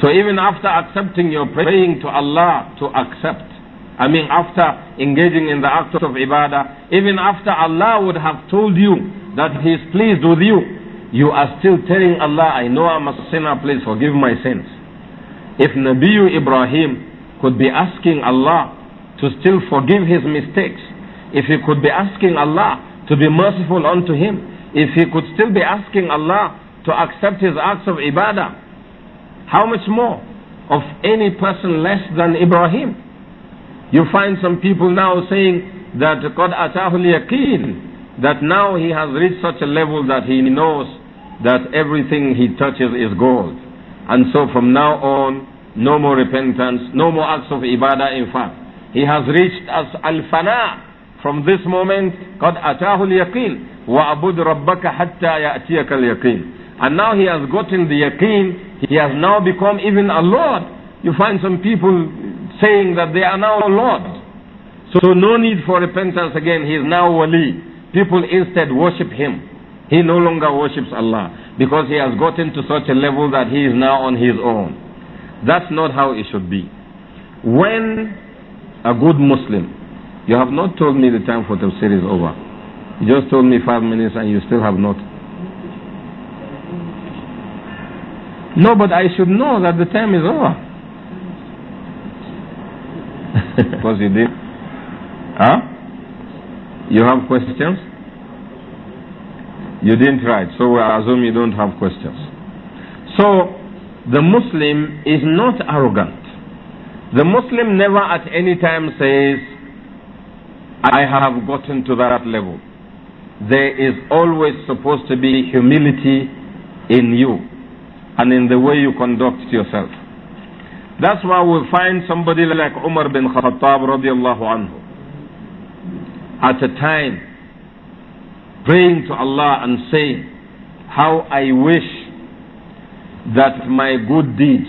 So even after accepting, you're praying to Allah to accept. I mean, after engaging in the act of ibadah, even after Allah would have told you that He is pleased with you, you are still telling Allah, I know I'm a sinner, please forgive my sins. If Nabi Ibrahim could be asking Allah to still forgive his mistakes, if he could be asking Allah to be merciful unto him if he could still be asking Allah to accept his acts of ibadah how much more of any person less than Ibrahim you find some people now saying that God atahul yaqeen that now he has reached such a level that he knows that everything he touches is gold and so from now on no more repentance no more acts of ibadah in fact he has reached as al-fana from this moment, قَدْ أَتَاهُ الْيَقِينُ وَأَبُدْ رَبَّكَ حَتَّى يَأْتِيَكَ الْيَقِينُ And now he has gotten the yaqeen, he has now become even a Lord. You find some people saying that they are now a Lord. So no need for repentance again, he is now wali. People instead worship him. He no longer worships Allah because he has gotten to such a level that he is now on his own. That's not how it should be. When a good Muslim you have not told me the time for tafsir is over. You just told me five minutes and you still have not. No, but I should know that the time is over. <laughs> because you did. Huh? You have questions? You didn't write, so I assume you don't have questions. So, the Muslim is not arrogant. The Muslim never at any time says, I have gotten to that level. There is always supposed to be humility in you and in the way you conduct yourself. That's why we find somebody like Umar bin Khattab radiallahu anhu at a time praying to Allah and saying, How I wish that my good deeds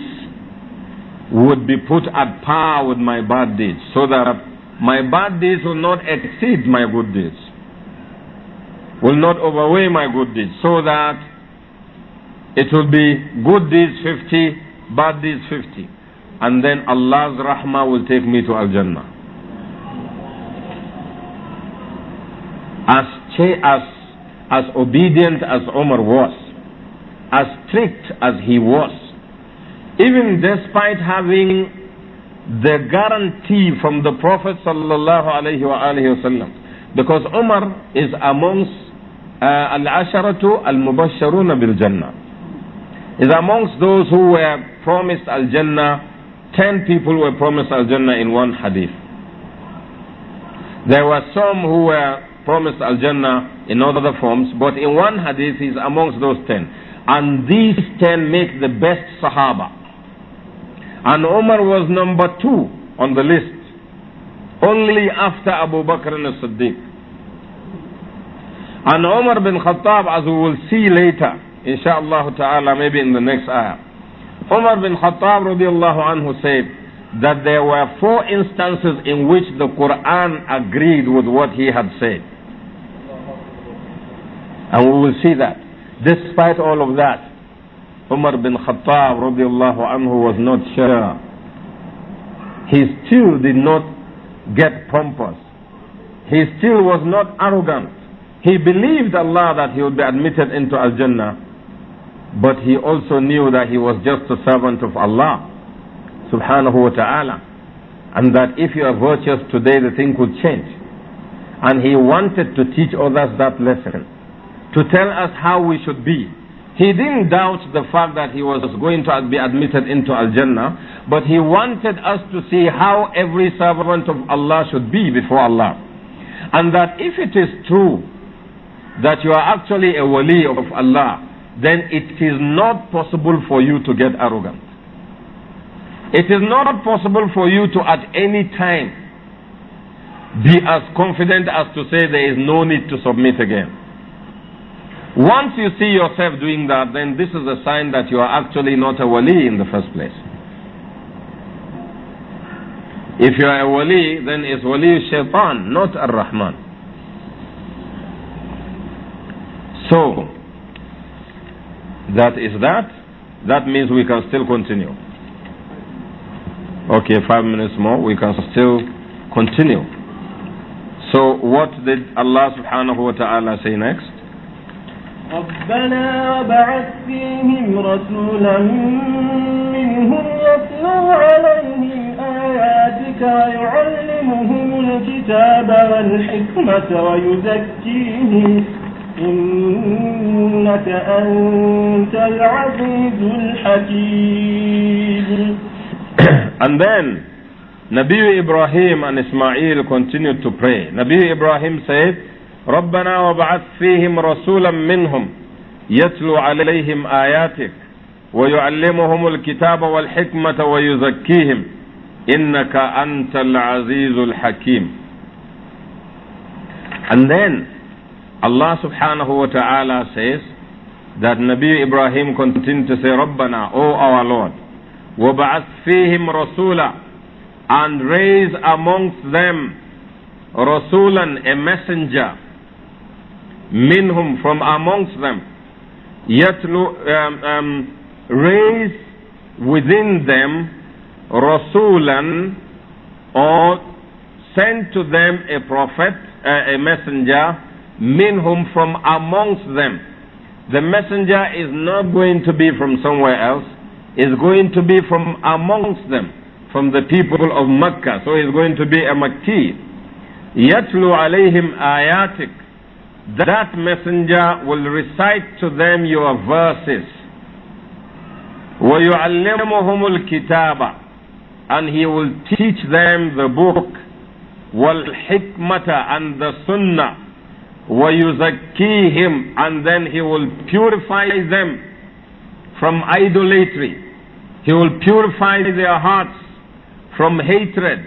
would be put at par with my bad deeds so that my bad deeds will not exceed my good deeds, will not outweigh my good deeds, so that it will be good deeds 50, bad deeds 50. And then Allah's rahmah will take me to Al Jannah. As, as, as obedient as Omar was, as strict as he was, even despite having the guarantee from the Prophet sallallahu alayhi because Umar is amongst uh, al-asharatu al-mubashsharuna bil-jannah. Is amongst those who were promised al-jannah, ten people were promised al-jannah in one hadith. There were some who were promised Al Jannah in other forms, but in one hadith, he's amongst those ten. And these ten make the best Sahaba. And Umar was number two on the list, only after Abu Bakr and Siddiq. And Umar bin Khattab, as we will see later, inshallah ta'ala, maybe in the next ayah, Umar bin Khattab radiallahu anhu said that there were four instances in which the Quran agreed with what he had said. And we will see that. Despite all of that, Umar bin Khattab radiallahu anhu was not sure. He still did not get pompous. He still was not arrogant. He believed Allah that he would be admitted into Al-Jannah, but he also knew that he was just a servant of Allah subhanahu wa ta'ala and that if you are virtuous today, the thing could change. And he wanted to teach others that lesson, to tell us how we should be. He didn't doubt the fact that he was going to be admitted into Al Jannah, but he wanted us to see how every servant of Allah should be before Allah. And that if it is true that you are actually a wali of Allah, then it is not possible for you to get arrogant. It is not possible for you to at any time be as confident as to say there is no need to submit again. Once you see yourself doing that, then this is a sign that you are actually not a wali in the first place. If you are a wali, then it's wali shaitan, not ar-Rahman. So, that is that. That means we can still continue. Okay, five minutes more. We can still continue. So, what did Allah subhanahu wa ta'ala say next? ربنا وبعث فيهم رسولا منهم يتلو عليهم آياتك ويعلمهم الكتاب والحكمة ويزكيهم إنك أنت العزيز الحكيم <coughs> And then Nabi Ibrahim and Ismail continued to pray. Nabi Ibrahim said, ربنا وابعث فيهم رسولا منهم يتلو عليهم آياتك ويعلمهم الكتاب والحكمة ويزكيهم إنك أنت العزيز الحكيم And then Allah subhanahu wa ta'ala says that Nabi Ibrahim continued to say, Rabbana, O our Lord, وَبَعَثْ فِيهِمْ رَسُولًا And raise amongst them Rasulan, a messenger, minhum from amongst them yet um, um, raise within them rasulan or send to them a prophet uh, a messenger minhum from amongst them the messenger is not going to be from somewhere else is going to be from amongst them from the people of Mecca so he's going to be a Makki yatlu alayhim ayatik that messenger will recite to them your verses. وَيُعَلِّمُهُمُ الْكِتَابَ And he will teach them the book, وَالْحِكْمَةَ and the sunnah, وَيُزَكِّيهِمْ And then he will purify them from idolatry. He will purify their hearts from hatred,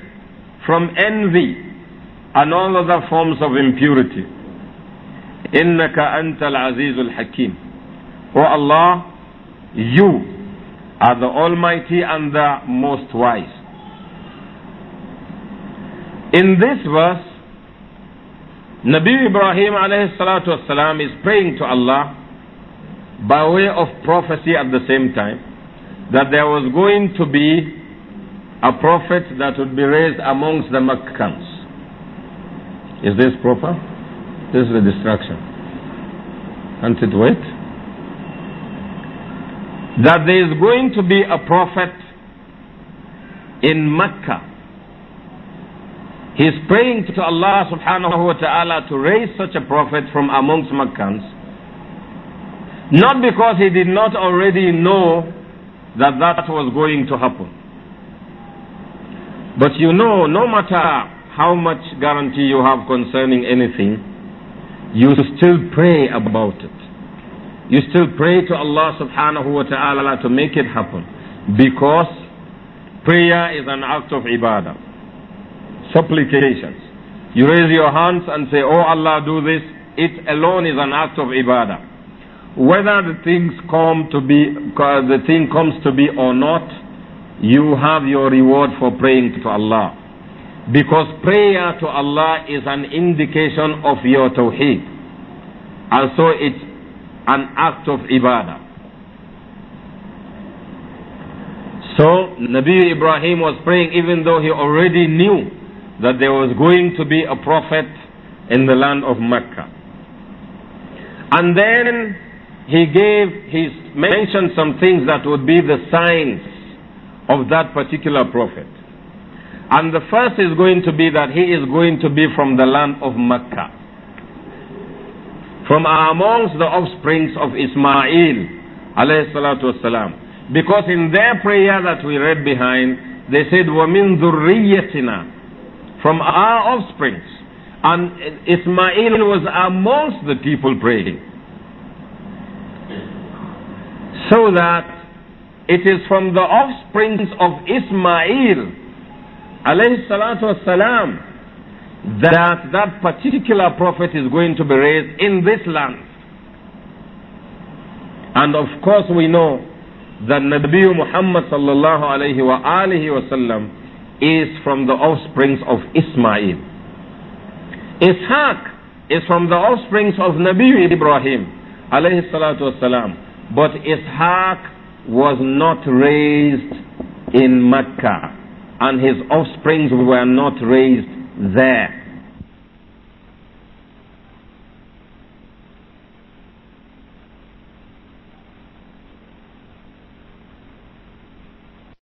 from envy, and all other forms of impurity. إنك أنت العزيز الحكيم O Allah, you are the Almighty and the Most Wise. In this verse, Nabi Ibrahim alayhi is praying to Allah by way of prophecy at the same time that there was going to be a prophet that would be raised amongst the Makkans. Is this proper? This is the destruction. Can't it wait? That there is going to be a prophet in Mecca. He's praying to Allah subhanahu wa ta'ala to raise such a prophet from amongst Meccans. Not because he did not already know that that was going to happen. But you know, no matter how much guarantee you have concerning anything, you still pray about it. You still pray to Allah subhanahu wa ta'ala to make it happen. Because prayer is an act of ibadah. Supplications. You raise your hands and say, Oh Allah, do this. It alone is an act of ibadah whether the things come to be uh, the thing comes to be or not you have your reward for praying to Allah because prayer to Allah is an indication of your tawheed. And so it's an act of ibadah. So Nabi Ibrahim was praying even though he already knew that there was going to be a prophet in the land of Mecca. And then he gave, he mentioned some things that would be the signs of that particular prophet. And the first is going to be that he is going to be from the land of Mecca. From amongst the offsprings of Ismail, Because in their prayer that we read behind, they said, وَمِن ذُرِّيَّتِنَا From our offsprings. And Ismail was amongst the people praying. So that it is from the offsprings of Ismail alayhi salatu wasalam, that that particular prophet is going to be raised in this land. And of course we know that Nabi Muhammad sallallahu alayhi wa alihi wasallam is from the offsprings of Ismail. Ishaq is from the offsprings of Nabi Ibrahim alayhi salatu wasalam. But Ishaq was not raised in Mecca and his offsprings were not raised there.